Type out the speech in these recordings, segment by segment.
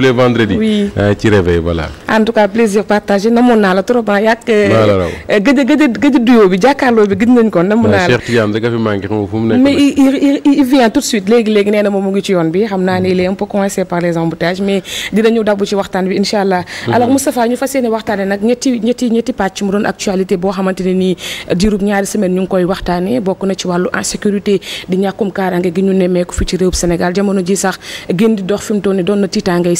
tous les vendredis. oui euh, ci réveil voilà. en tout plaisir partagé namoon naa la trop ah yàgg. Euh, euh, gëj a gëj a gëj a bi jàkkaarloo bi gis nañ ko. namoon naa la Cheikh Tidiane da nga fi vient tout suite léegi léegi nee moom mu ngi ci yoon bi xam naa ne il est un peu coincé par les embouteillages mais dinañu waxtaan bi incha allah. Mhm. alors Moustapha ñu fas yéene waxtaanee nag ñetti ñetti ñetti pàcc mu doon actualité boo xamante ne nii diirub ñaari semaine ñu ngi koy waxtaanee bokk na ci wàllu insécurité di ñàkkum kaaraange gi ñu nemmeeku fi ci réewum Sénégal jamono ji sax génn di dox fi mu toll nii doon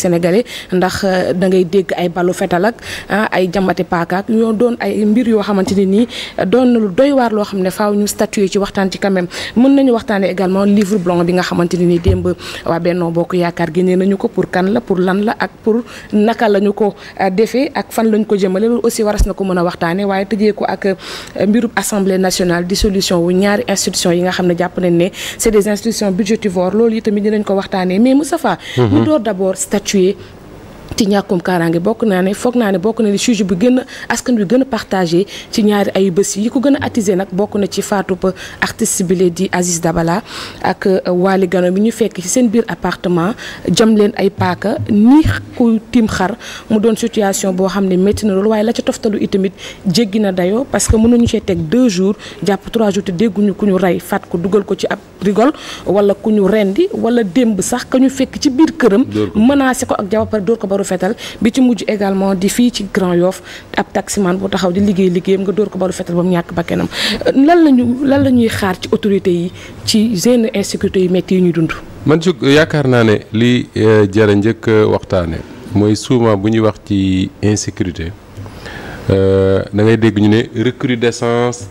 sénégalais ndax euh, da ngay dégg ay balu fetal ak ah, ay jamati paakaak ñoo doon ay mbir yoo xamante ne nii doon na lu doy waar loo xam ne faaw ñu statuer ci waxtaan ci quand même mën nañu waxtaanee également livre blanc bi nga xamante ne nii démb waa Benno Bokk Yaakaar génnee nañu ko pour kan la pour lan la ak pour naka lañu ko euh, defee ak fan lañu ko jëmale loolu aussi waras na ko mën a waxtaanee waaye tëjee ko ak euh, mbirub assemblée nationale dissolution wu ñaari institution yi nga xam ne jàpp nañ ne c'est des institutions budgétivores loolu itamit dinañ ko waxtaanee tuer ci ñàkkum kaaraange bokk naa ne foog naa ne bokk na ni sujet bi gën a askan bi gën a ci ñaari ay bës yi ko gën a attisé nag bokk na ci faatu ba artiste bile di Aziz Dabala ak euh, Waly Gano bi ñu fekk ci seen biir appartement jam leen ay paaka ni ku tim xar mu doon situation boo xam ne métti na loolu waaye la ca toftalu itamit jéggi na dayo parce que mënuñu cee teg deux jours jàpp trois jours te dégguñu ku ñu rey faat ko dugal ko ci ab rigol wala ku ñu rendi wala démb sax ka fekk ci biir këram balu fetal bi ci mujj également di fii ci Grand Yoff ab taximan bu taxaw di liggéey liggéeyam nga dóor ko balu fetal ba mu ñàkk bakkanam lan lañu lan la ñuy xaar ci autorité yi ci seen insécurité yu métti yi ñuy dund man su yaakaar naa ne li eh, jërë njëkk waxtaane mooy souvent bu ñuy wax ci insécurité eh, da ngay dégg ñu ne recrudescence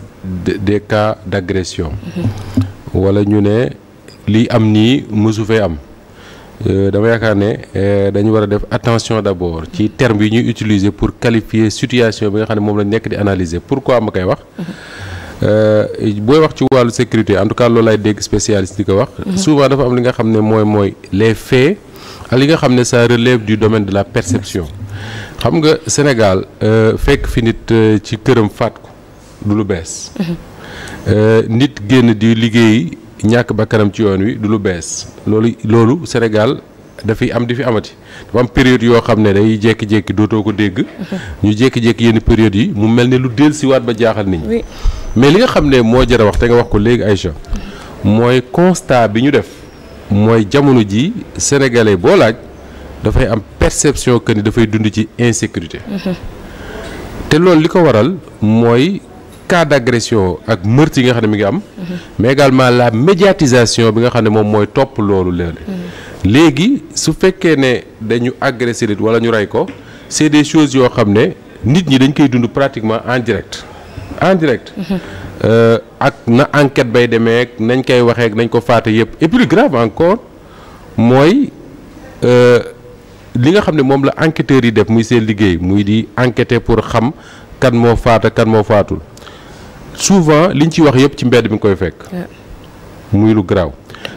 de cas d'agression mhm. wala ñu ne li am nii mësu fee am Euh, dama yaakaar ne euh, dañu war a def attention d'abord ci terme yi ñuy utiliser pour qualifier situation bi nga xam ne moom lañ nekk di pour ko ma koy wax euh, booy wax ci wàllu sécurité en tout cas loolu laay dégg spécialiste di ko wax mhm. souvent dafa am li nga xam ne mooy mooy les faits ak li nga xam ne ça relève du domaine de la perception xam nga Sénégal fekk fi nit ci këram faat ko du lu bees mhm. nit génn di liggéey ñàkk kanam ci yoon wi du lu bees loolu loolu Sénégal dafay am di fi amati dafa am période yoo xam ne day jékki-jékki dootoo ko dégg. ñu jékki-jékki yenn période yi mu mel ne lu dellusiwaat ba jaaxal nit ñi. mais li nga xam ne moo jar a wax te nga wax ko léegi Aïcha mooy constat bi ñu def mooy jamono ji sénégalais boo laaj dafay am perception que ni dafay dund ci insécurité. te loolu li ko waral mooy. cas d'agression ak meurtre yi nga xam ne mi ngi am mais également la médiatisation bi nga xam ne moom mooy topp loolu léeg léegi su fekkee ne dañu agressé nit wala ñu rey ko c'est des choses yoo xam ne nit ñi dañ koy dund pratiquement en direct euh, ak na enquête bay demee nañ koy waxee nañ ko faate yëpp et plus grave encore euh, li nga xam ne moom la enquêteurs yi def muy seen liggéey muy di enquêter pour xam kan moo faata kan moo faatul souvent li liñ ci wax yëpp ci mbedd mi nga koy fekk. muy lu garaaw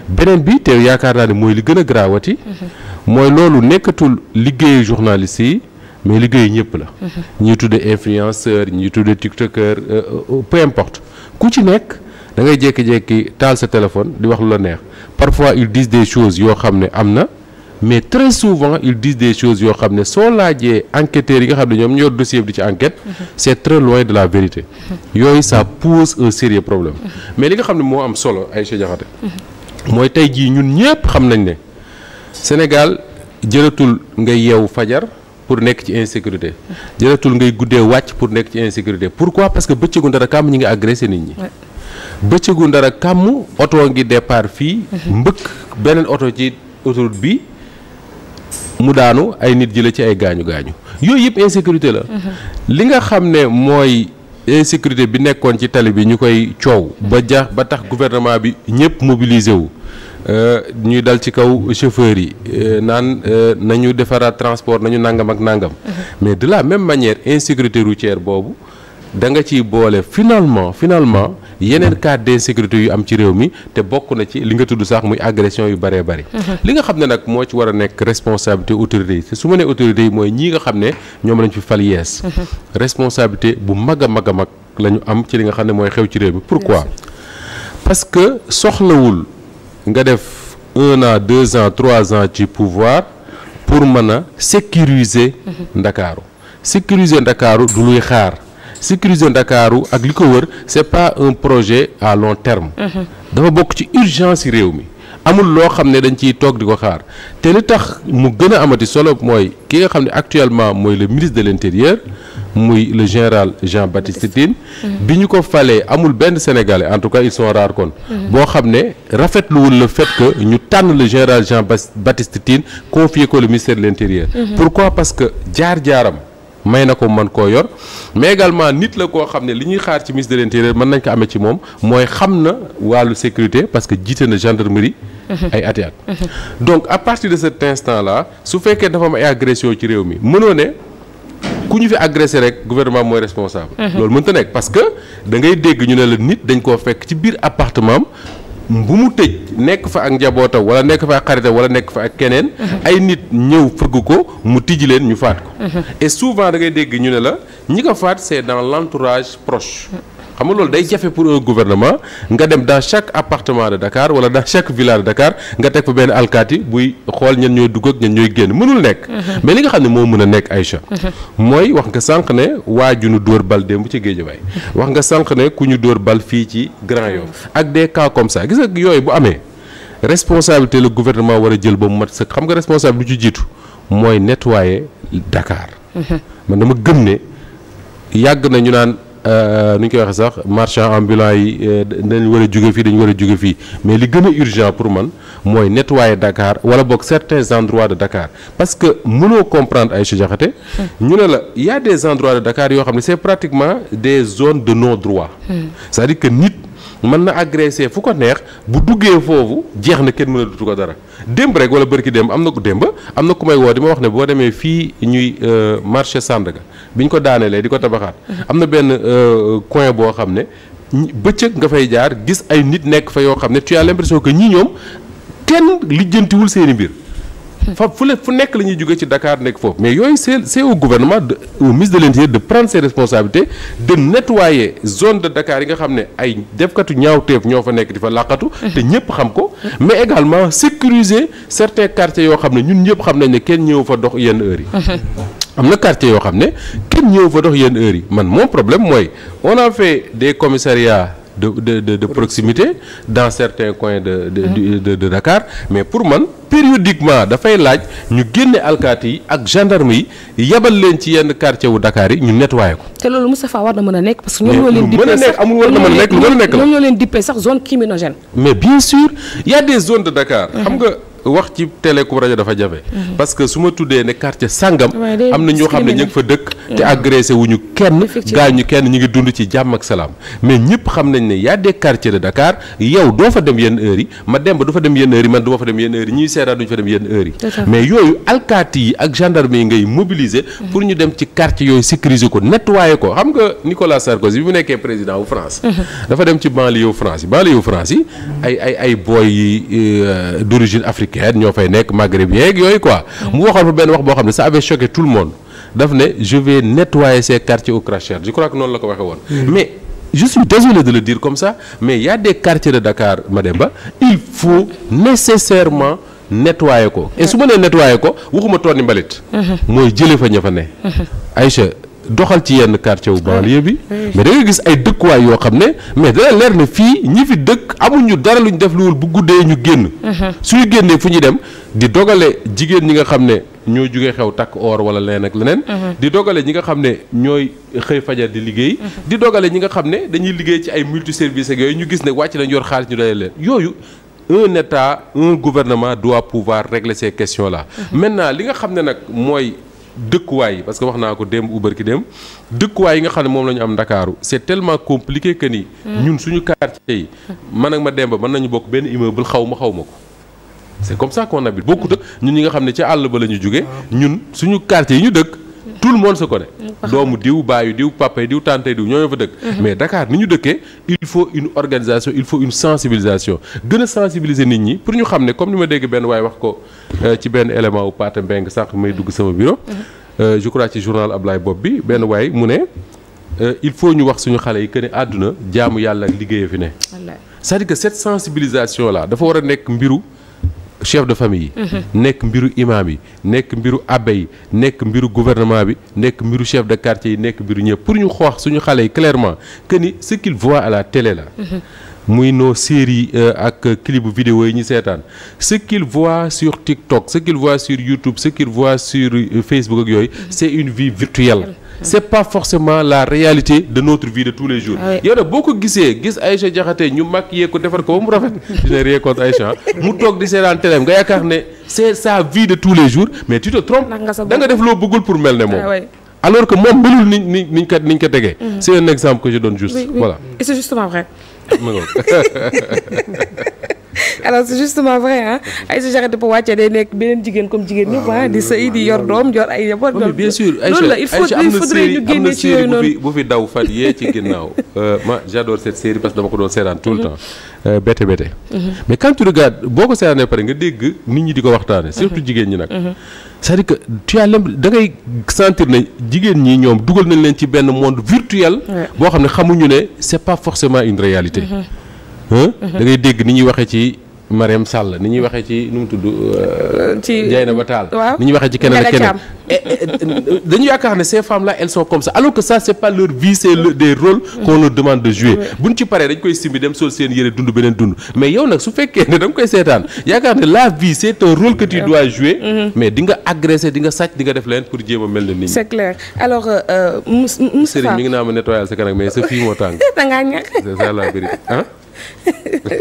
beneen bi te yaakaar naa ne mooy li gën a garaawati. Mm-hmm. mooy loolu nekkatul liggéeyu journaliste yi mais liggéeyu ñëpp la. Mm-hmm. ñuy tuddee influenceur ñuy tuddee tiktokeur euh, euh, peu importe ku ci nekk da ngay jékki-jékki taal sa téléphone di wax lu la neex parfois ils disent des choses yoo xam ne am na. mais très souvent ils disent des choses yoo xam ne soo laajee enquêteurs yi nga xam ne ñoom ñoo dossier bi di ci enquête c' est très loin de la vérité yooyu ça pose un sérieux problème mais li nga xam ne moo am solo ay Aïcha mooy tey jii ñun ñëpp xam nañ ne Sénégal jëlatul nga yeewu fajar pour nekk ci insécurité jëlatul ngay guddee wàcc pour nekk ci insécurité pourquoi parce que bëccëgu ndara kàmm ñi ngi agressé nit ñi bëccëgu ndara kàmm oto ngi départ fii mm-hmm. mbëkk beneen oto ci autoroute bi mu daanu ay nit la ci ay gaañu gaañu yooyu yëpp insécurité la. Mhm. li nga xam ne mooy insécurité bi nekkoon ci tali bi ñu koy coow. ba ja ba tax gouvernement bi ñëpp mobilisé wu. Euh, ñuy dal ci kaw chauffeurs yi euh, naan euh, nañu defaraat transport nañu nangam ak nangam. Mhm. mais de la même manière insécurité routière boobu. da nga ciy boole finalement finalement yeneen mm-hmm. cas d'insécurité yu am ci réew mi te bokk na ci li nga tudd saax muy agression yu bëree bëri mm-hmm. li nga xam ne nag moo ci war a nekk responsabilité autorité yi te su ma nee autorité yi mooy ñii nga xam ne ñoom lañ fi fal yees mm-hmm. responsabilité bu mag a mag a mag la ñu am ci li nga xam ne mooy xew ci réew mi pourquoi parce que soxlawul nga def un an deux ans trois ans ci pouvoir pour mën a sécuriser ndakaaru sécuriser ndakaaru du xaar sécuriser Ndakaaru ak li ko wër c'est pas un projet à long terme mm-hmm. dafa bokk ci urgence yi réew mi amul loo xam ne dañ ciy toog di ko xaar te li tax mu gën a amati solo mooy ki nga xam ne actuellement mooy le ministre de l'intérieur muy le général Jean-Baptiste Tine mm-hmm. bi ñu ko falee amul benn sénégalais en tout cas ils sont rares kon mm-hmm. boo xam ne rafetluwul la fait que ñu tànn le général Jean-Baptiste Tine confier ko le ministère de l'intérieur pourquoi parce que jaar-jaaram may na ko man koo yor mais également nit la koo xam ne li ñuy xaar ci ministre de l'intérieur mën nañ ko amee ci moom mooy xam na wàllu sécurité parce que jiite na gendarmerie. Mhm. ay ati at mhm. donc à partir de cet instant là su fekkee dafa am ay agression ci réew mi mënoo ne ku ñu fi agressé rek gouvernement mooy responsable. Mhm. loolu mënta nekk parce que dangay dégg ñu ne la nit dañ koo fekk ci biir appartement bu mu tëj nekk fa ak njaboota wala nekk fa ak xaritam wala nekk fa ak keneen. Mhm. ay nit ñëw fëgg ko mu tijji leen ñu faat ko. Mhm. et souvent da ngay dégg ñu ne la ñi ko faat c'est dans l'entourage proche. Mhm. xam nga loolu day jafe pour un gouvernement nga dem dans chaque appartement de Dakar wala dans chaque village de Dakar nga teg fa benn alkaati buy xool ñan ñooy dugg ak ñan ñooy génn mënul nekk. Mhm. mais li nga xam ne moo mën a nekk Aïcha. Mhm. mooy wax nga sànq ne waaju ju dóor bal démb ci Géejawaay mhm. wax nga sànq ne ku ñu dóor bal fii ci Grand Yoff ak des cas comme ça gis nga yooyu bu amee responsabilité le guvernement war jël ba mu mat sëkk xam nga responsable lu ci jiitu mooy nettoyer Dakar. yàgg na ñu naan. Euh, nu ñu koy waxee sax marchand ambulant yi euh, dañ war a fii dañu war a jóge fii mais li gën a urgent pour man mooy nettoyer Dakar wala boog certains endroits de dakaar parce que mënoo comprendre Aïcha Diakhaté hmm. ñu ne la y a des endroits de Dakar yoo xam ne c'est pratiquement des zone de non droit hmm. cest à nit mën na agressé fu ko neex bu duggee foofu jeex na kenn mën dutu ko dara démb rek wala bërki démb am na ko démb am na ku may woo di ma wax ne boo demee fii ñuy euh, marché Sandaga bi ñu ko daaneelee di ko tabaxaat mhm. am na benn euh, coin boo xam ne bëccëg nga fay jaar gis ay nit nekk fa yoo xam ne tu as l'impression que ñi ñoom kenn lijjantiwul seeni mbir fa fu fu nekk la ñuy jógee ci dakaar nekk foofu mais yooyu c'est c'est au gouvernement de au ministre de l'intérieur de prendre ses responsabilités de nettoyer zone de Dakar yi nga xam ne ay defkatu ñaawteef ñoo fa nekk di fa làqatu te ñëpp xam ko mais également sécuriser certains quartiers yoo xam ne ñun ñëpp xam nañ ne kenn ñëw fa dox yenn heures yi am na quartier yoo xam ne kenn ñëw fa dox yenn heures yi man mon problème mooy on a fait des commissariats de de de, de proximité dans certains coins de de de, de, de Dakar mais pour man périodiquement dafay laaj ñu génne alkaati yi ak gendarme yi yabal leen ci yenn quartier wu Dakar yi ñu nettoyé ko. te loolu Moustapha war na mën nekk leen. dippee sax amul war na mën nekk lu mën ñoo leen dippee sax zone criminogène. mais bien sûr y a des de Dakar. Mm-hmm. xam nga. wax ci télé ku rajo dafa jafe. Mhm. parce que su ma tuddee ne quartier sàngam. am na ñoo xam ne ñu fa dëkk. Mhm. te agressé wu ñu kenn. gaañu kenn ñu ngi dund ci jàmm ak salaam. mais ñëpp xam nañ ne y a de Dakar yow doo fa dem yenn heures yi ma dem ba du fa dem yenn heures yi man du fa dem yenn heures yi mais yooyu alkaati yi ak gendarmerie ngay mobiliser. Mhm. pour ñu dem ci quartier yooyu sécuriser ko nettoyer ko xam nga Nicolas Sarkozy bi mu nekkee président wu France. africaine ñoo fay nekk maghrébien yeeg yooyu quoi. mu waxoon fa benn wax boo xam ne ça avait choqué tout le monde daf ne je vais nettoyer ces quartiers aux crachers je noonu la ko waxee woon. Mm-hmm. mais je suis désolé de le dire comme ça mais y a des quartiers de Dakar Mademba il faut nécessairement. nettoyé ko et su ma nee nettoyé ko waxuma tooni mbalit. Mm-hmm. mooy jëlee fa ña fa ne. Mm-hmm. doxal ci yenn quartier wu banlieue bi mais da nga gis ay dëkkuwaay yoo xam ne mais dana leer ne fii ñi fi dëkk ñu dara lu luñ def luwul bu guddee ñu génn uh-huh. suñu génnee fu ñu dem di dogale jigéen ñi nga xam ne ñoo jugee xew takk or wala leneen ak leneen uh-huh. di dogale ñi nga xam ne ñooy xëy fajar di liggéey uh-huh. di dogale ñi nga xam ne dañuy liggéey ci ay multi service ak yooyu ñu gis ne wàcc nañ yor xaalis ñu dalee leen yooyu un état un gouvernement doit pouvoir régler ces questions là maintenant li nga xam ne nag mooy dëkkuwaay yi parce que wax naa ko démb ubar ki démb dëkkuwaay yi nga xam ne moom la ñu am ndakaaru c'est tellement compliqué que ni. Mm. ñun suñu quartier yi. man ak ma demba mën nañu bokk benn immeuble xaw ma xaw ma ko. c'est comme ça na bi bokkut ak ñun ñi nga xam ne ci àll ba la ñu jóge ñun suñu quartier yi ñu dëkk. tout le monde ko connaît doomu diw baayu diw papay diw tantay diw ñoo fa dëkk mhm. mais dakaar ni ñu dëkkee il faut une organisation il faut une sensibilisation gën sensibiliser nit ñi pour ñu xam ne comme ni ma dégg benn waaye wax ko euh, ci benn élément wu Pate Mbeng sànq may dugg sama bureau mhm. euh, je crois ci journal Ablaye bopp bi benn waay mu ne euh, il faut ñu wax suñu xale yi que àdduna jaamu yàlla ak liggéeya fi ne c'est-à-dire que cette sensibilisation là dafa war a nekk mbiru chef de famille yi mhm. nekk mbiru imam yi nekk mbiru abbé nekk mbiru gouvernement bi nekk mbiru chef de quartier yi nekk mbiru ñëpp pour ñu xoox suñu xale yi clairement que ni ce qu'il voit à la télé là mhm. muy nos séries euh, ak clip vidéo yi ñu seetaan ce qu'il voit sur TikTok ce qu'il voit sur YouTube ce qu'il sur euh, Facebook ak yooyu mhm. c'est une vie virtuelle c'est pas forcément la réalité de notre vie de tous les jours yow nag boo ko gisee gis Aïcha Diakhaté ñu mag yee ko defar ko ba mu rafet dina rien contre mu toog di seetaan teleem nga yaakaar ne c'est sa vie de tous les jours mais tu te trompes da nga def loo bëggul pour mel ne moom ah alors que moom melul ni ni niñ ko niñ ko tegee mhm. c'est un exemple que je donne juste oui, oui. voilà et c'est alors c'est justement vrai ah Aïssa Diakhaté bu wàccee day nekk beneen jigéen comme jigéen ah, ah, di sëy yor doom yor ay njaboot. loolu bien sûr la il faut il faudrait bu fi daw fan yee ci ginnaaw. Euh, ma j'adore cette série parce que dama ko doon seetaan tout le mhm. temps. Euh, bete bete. Mhm. mais quand tu boo ko seetaanee pare nga dégg nit ñi di ko waxtaane surtout mhm. jigéen ñi nag. c'est-à-dire que tu as da ngay sentir ne jigéen ñi ñoom dugal nañ leen ci benn monde virtuel. boo xam ne xamuñu da ngay dégg ni ñuy waxee ci Mariam Sall ni ñuy waxee ci nu mu tudd. Euh, ci Dieynaba Tall ni ñuy waxee ci keneen ak keneen eh, eh, eh, dañu yaakaar ne ces fem là elles sont comme ça alors que ça c' est pas leur vie c' est des rôles qu'on leur demande de jouer buñ ci paree dañ koy simbi dem sol seen yére dund beneen dund mais yow nag su fekkee ne da koy seetaan yaakaar ne la vie c' est un que tu dois jouer mm-hmm. mais di nga agressé di nga sàcc di nga def leneen pour jéem a mel ne nit ñi c' est clair euh, euh, ngi naa ma nettoyal sa kanam mais sa fii moo tàng da ngaa ñàkk c'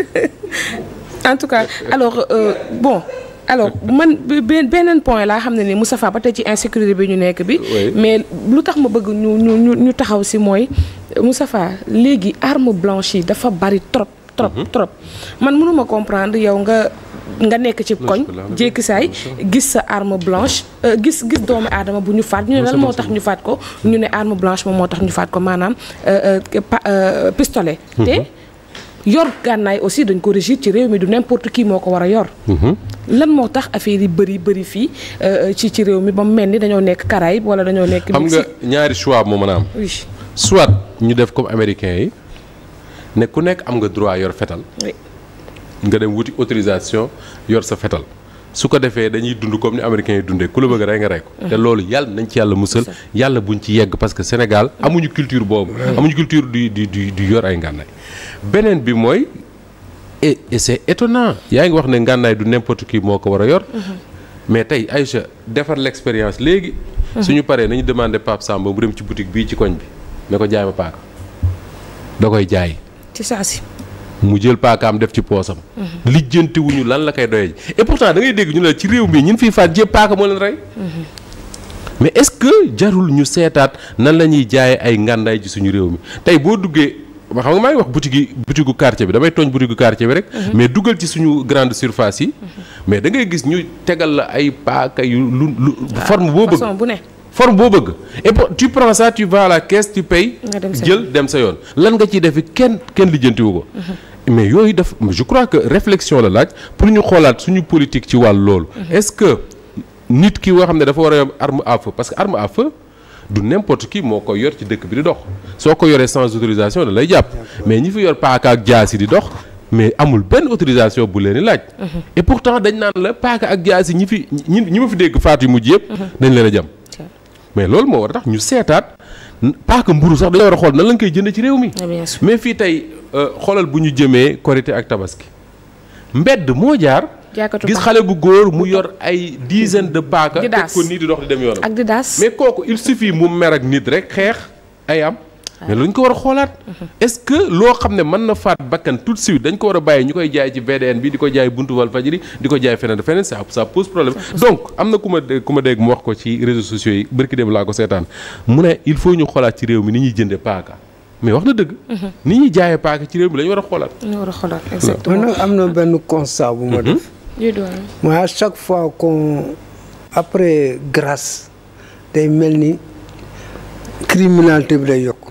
en tout cas alors euh, bon. alors man beneen point laa xam ne ni Moustapha ba tey ci insécurité bi ñu nekk bi. mais lu tax ma bëgg ñu ñu ñu taxaw si mooy Moustapha léegi arme blanche yi dafa bari trop. trop mhm. trop man mënuma comprendre yow nga nga nekk ci koñ. jékki saay gis sa arme blanche euh, gis gis doomu aadama bu ñu faat ñu ne lan moo tax ñu faat ko ñu ne arme blanche moom moo tax ñu faat ko maanaam euh, euh, pistolet mhm. te. yor gànnaay aussi dañ ko régir ci réew mi du n'importe kii moo ko war a yor. Mhm. lan moo tax affaire yi bëri bëri fii euh, euh, ci ci réew mi ba mu mel ni dañoo nekk Caraïbes wala dañoo nekk. xam nga ñaari choix moo mën a am. oui soit ñu def comme américains yi nekk ku nekk am nga droit yor fetal. nga dem wuti autorisation yor sa fetal. su ko defee dañuy dund comme ni américains yi dundee ku la bëgg rey nga rey ko mm-hmm. te loolu yàlla nañ ci yàlla musal yàlla buñ ci yegg parce que Sénégal mm-hmm. amuñu culture boobu mm-hmm. amuñu culture du du du du yor ay ngànnaay beneen bi mooy et c'est étonnant yaa ngi wax ne ngànnaay du n'importe kii moo ko war a yor mais tey Aïcha defar l'expérience léegi suñu paree nañu demandé Pape Samba mu dem ci boutique bii ci koñ bi ne ko jaay ma paaka da koy jaay mu jël paakaam def ci poosam. lijjanti wuñu lan la koy doyee et pourtant da dégg ñu ne ci réew mi ñun fiy faat jéem paaka moo leen rey. mais est-ce que jarul ñu seetaat nan la ñuy jaayee ay ngàndaay ci suñu réew mi tey boo duggee ma xam nga maa wax boutique yi boutique gu quartier bi damay tooñ boutique gu bi rek. Mhm. mais dugal ci suñu grande surface yi. Mhm. mais da ngay gis ñu tegal la ay paaka yu lu lu forme boo bëgg. forme boo bëgg et tu prends ça tu vas à jël dem sa yoon lan nga ciy def kenn kenn lijjantiwu ko. Mhm. mais yooyu daf je crois que réflexion la laaj pour ñu xoolaat suñu politique ci wàll loolu. Mhm. est-ce que nit ki nga xam ne dafa war a arme à feu parce que arme à feu du n'importe qui moo koy yor ci dëkk bi di dox soo ko yoree sans autorisation da lay jàpp mais ñi fi yor paaka ak jaasi di dox mais amul benn autorisation bu leen di laaj. Mhm. et pourtant dañ naan la paaka ak jaasi ñi fi ñi ñi ma fi dégg faatu yu mujj yëpp. dañ leen a mais loolu moo war a tax ñu seetaat pas que mburu sax dañoo war a xool nan lañ koy jënd ci réew mi. Ah, mais fii tey euh, xoolal bu ñu jëmee korité ak tabaski mbedd moo jaar. gis xale bu góor mu yor ay dizaine de paaka. teg ko nii di dox di dem yoonam. ak di daas mais kooku il suffit mu mer ak nit rek xeex ay am. mais luñ ko war a xoolaat. est-ce que loo xam ne mën na faat bakkan tout de suite dañ ko war a bàyyi ñu koy jaay ci VDN bi di ko jaay buntu wal Walfadjri di ko jaay feneen feneen ça sa pose problème. donc am na ku ma dé mu wax ko ci réseaux sociaux yi barki dem laa ko seetaan mu ne il faut ñu xoolaat ci réew mi ni ñuy jënde paaka. mais wax na dëgg. Mhm. ni ñuy jaayee paaka ci réew mi la ñu war a xoolaat. ñu war a xoolaat exactement. man nag am na benn constat bu ma def. mooy mhm. chaque fois qu'on après grâce day mel ni criminalité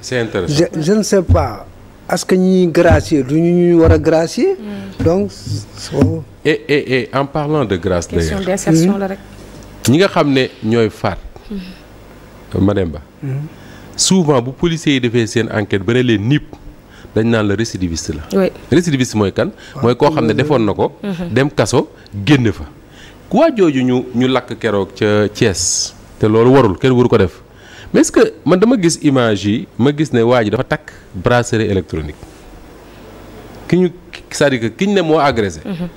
c'est intéressant je, sais pas est-ce que ñuy gracier du ñu ñu war a gracier. Mm. donc. So... et et en parlant de grace d'ailleurs question d'insertion mm-hmm. ñi nga xam ne ñooy faat. Mm-hmm. madame Ba. Mm-hmm. souvent bu policiers yi defee seen enquête ba ne leen nipp dañ naan la récidiviste la. oui mooy kan. Ah. mooy koo xam ne defoon na ko. dem kaso génn fa. waa jooju ñu ñu lakk keroog ca Thiès. te loolu warul kenn waru ko def. mais est-ce que man dama gis image yi ma gis ne waa ji dafa takk bracelet électronique ki ñu cest ki ñu ne moo agressé. Mhm.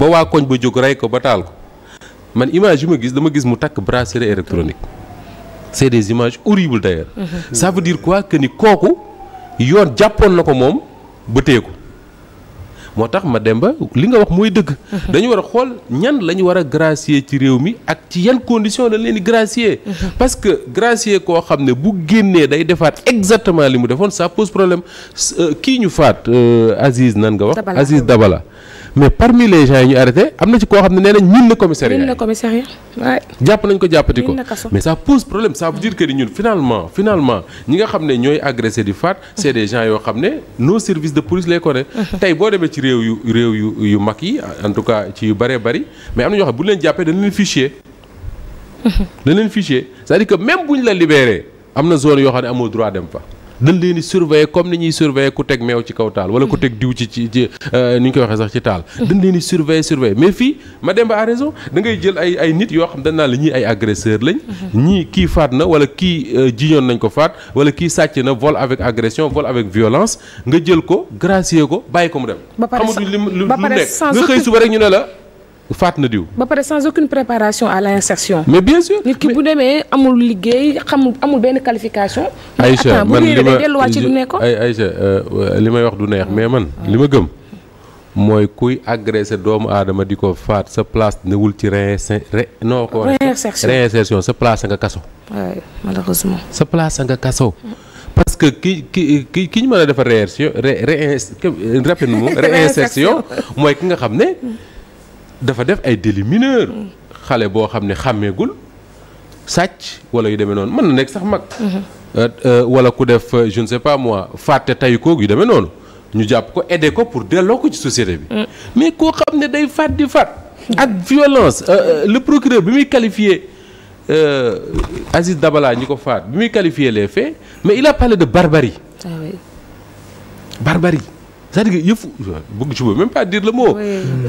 ba waa koñ ba jóg rey ko ba taal ko man image yi ma gis dama gis mu takk bracelet électronique c'est des images horribles d'ailleurs. Mhm. ça veut dire quoi que ni kooku yoon jàppoon na ko moom ba téye moo tax ma dem ba li nga wax mooy dëgg. Mhm. dañu war a xool ñan la ñu war a gracier ci réew mi ak ci yan condition lañ leen di gracier. Mhm. parce que gracier koo xam ne bu génnee day defaat exactement li mu defoon ça pose problème euh, kii ñu faat euh, Aziz nan nga wax. Aziz Dabala. mais parmi les gens yi ñu arrêté am na ci koo xam ne nee nañ ñun la commissariat ñun la commissariat jàpp nañ ko jàppati ko mais ça pose problème ça veut dire que ñun finalement finalement ñi nga xam ne ñooy agressé di faat c' est yoo xam ne nos services de police les connaît tey boo demee ci réew yu réew yu mag yi en tout cas ci yu bëree bari mais am na ñoo xam bu leen jàppee dañ leen fichier dañ leen fichier c'est-à-dire même bu ñu la libéré am na zone yoo xam ne amoo droit dem fa dañ leen di surveiller comme ni ñuy surveiller ku teg meew ci kaw taal wala ku teg diw ci euh, ni ñu koy waxee sax ci taal dañ leen di surveiller mais fii ma dem ba à raison da ngay jël ay ay nit yoo xam ne naan la ñii ay agresseur lañ ñii kii faat na wala kii euh, jiñoon nañ ko faat wala kii sàcc na vol avec agression vol avec violence nga jël ko gracier ko bàyyi ko mu dem xamatuñ li lu nekk nga xëy suba rek ñu ne la faat na diw. ba pare sans aucune préparation à l'insertion. mais bien sûr nit ki bu demee amul liggéey xamul amul benn qualification. Aïcha man li ma delluwaat ci du nekkoon. Aïcha li may wax du neex mais man li ma gëm. mooy kuy agressé doomu aadama di ko faat sa place newul ci réinser ré noo ko. réinsertion réinsertion sa place nga kaso. waaw malheureusement. sa place nga kaso. parce que ki ki ki ki ñu mën a defar réinsertion ré réinsertion mooy ki nga xam ne. dafa def ay délits mineurs. Mm. xale boo xam ne xàmmeegul sàcc wala yu demee noonu mën na nekk sax mag. Mm-hmm. Euh, euh, wala ku def euh, je ne sais moi fàtte tay koog yu demee noonu ñu jàpp ko aider ko pour delloo ko ci société bi. Mm. mais koo xam ne day fàtt di fàtt. ak violence le procureur bi muy qualifié Aziz Dabala ñi ko faat bi muy qualifié les faits mais il a parlé de barbarie. Ah barbarie. c'est-à-dire que yëfu bëgg ci même pas dire la moo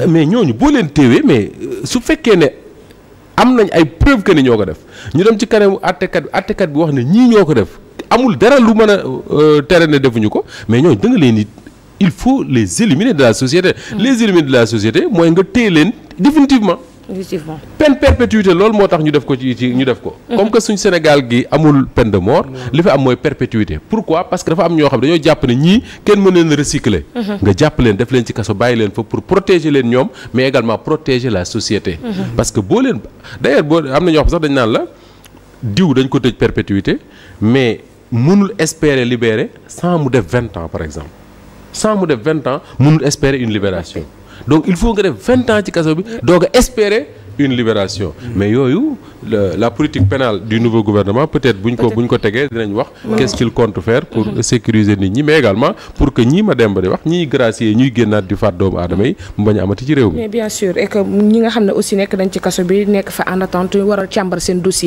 mais ñooñu boo leen téewee mais euh, su fekkee ne am nañ ay preuve que ni ñoo ko def ñu dem ci kanamu àttekat bi àttekat bi wax ne ñii ñoo ko def amul dara lu mën a euh, tere ne defuñu ko mais ñooñu da nga leen di il faut les éliminer de la société. Mm. les éliminer de la société mooy nga téye leen définitivement. effectivement peine perpétuité loolu moo tax ñu def ko ci ci ñu def ko. Mhm. comme que suñ Sénégal gi amul peine de mort. li fi am mooy perpétuité pourquoi parce que dafa am ñoo xam dañoo jàpp ne ñii kenn mën leen recycler. Mhm. nga jàpp leen def leen ci kaso bàyyi leen fa pour protéger leen ñoom mais également protéger la société. Mhm. parce que boo leen d'ailleurs boo am na ñoo xam sax dañ naan la diw dañ ko tëj perpétuité mais mënul espérer libérer sans mu def vingt ans par exemple sans mu def vingt ans mënul espérer une libération. donc il faut nga def vingt ans ci kaso bi doog a espérer une libération mm. mais yooyu la politique pénale du nouveau gouvernement peut-être buñ ko buñ ko tegee dinañ wax qu'est-ce qu'il compte pour mm-hmm. sécuriser nit ñi mais également pour que ñii ma dem ba wax ñiy gracier ñuy génnaat di faat doomu aadama yi mu bañ a amati ci réew mi mais bien sûr ñi nga xam ne aussi nekk nañ ci kaso bi nekk fa en attente waral càmbar seen dossier